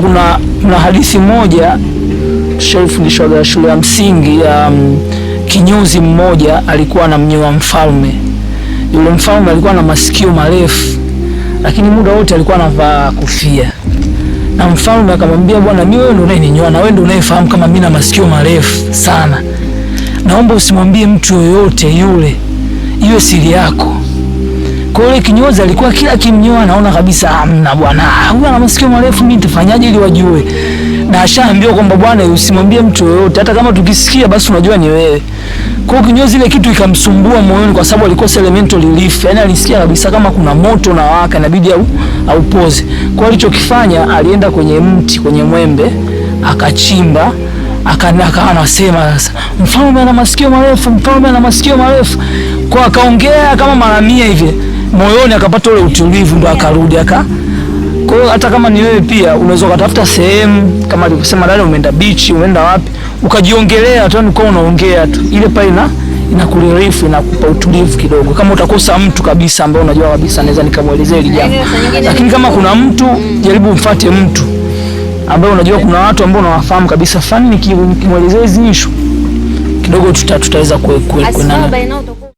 Kuna, kuna hadithi moja tulishofundishwa katika shule ya msingi ya um, kinyozi mmoja alikuwa na mnyoa mfalme. Yule mfalme alikuwa na masikio marefu, lakini muda wote alikuwa anavaa kofia, na mfalme akamwambia, bwana, mimi wewe ndio unayeninyoa na wewe ndio unayefahamu kama mimi na masikio marefu sana, naomba usimwambie mtu yoyote yule, iwe siri yako. Kwa yule kinyozi alikuwa kila kimnyoa anaona kabisa amna bwana. Huyu ana masikio marefu mimi nitafanyaje ili wajue? Na ashaambiwa kwamba bwana usimwambie mtu yoyote hata kama tukisikia basi unajua ni wewe. Kwa kinyozi ile kitu ikamsumbua moyoni kwa sababu alikosa elemental relief. Yaani alisikia kabisa kama kuna moto unawaka inabidi au aupoze. Kwa hiyo alichokifanya alienda kwenye mti, kwenye mwembe akachimba akawa anasema sasa, mfalme ana masikio marefu, mfalme ana masikio marefu. Kwa akaongea kama mara mia hivi moyoni akapata ule utulivu, ndo akarudi aka kwa hiyo hata kama ni wewe pia unaweza kutafuta sehemu kama alivyosema dada, umeenda beach, umeenda wapi, ukajiongelea tu, ukawa unaongea tu, ile pale na inakurelifu inakupa utulivu kidogo. Kama utakosa mtu kabisa ambaye unajua kabisa naweza nikamuelezea hili jambo, lakini kama kuna mtu, jaribu mfate mtu ambaye unajua, kuna watu ambao unawafahamu kabisa, fani nikimwelezea hizi issue kidogo, tutaweza tuta kuwe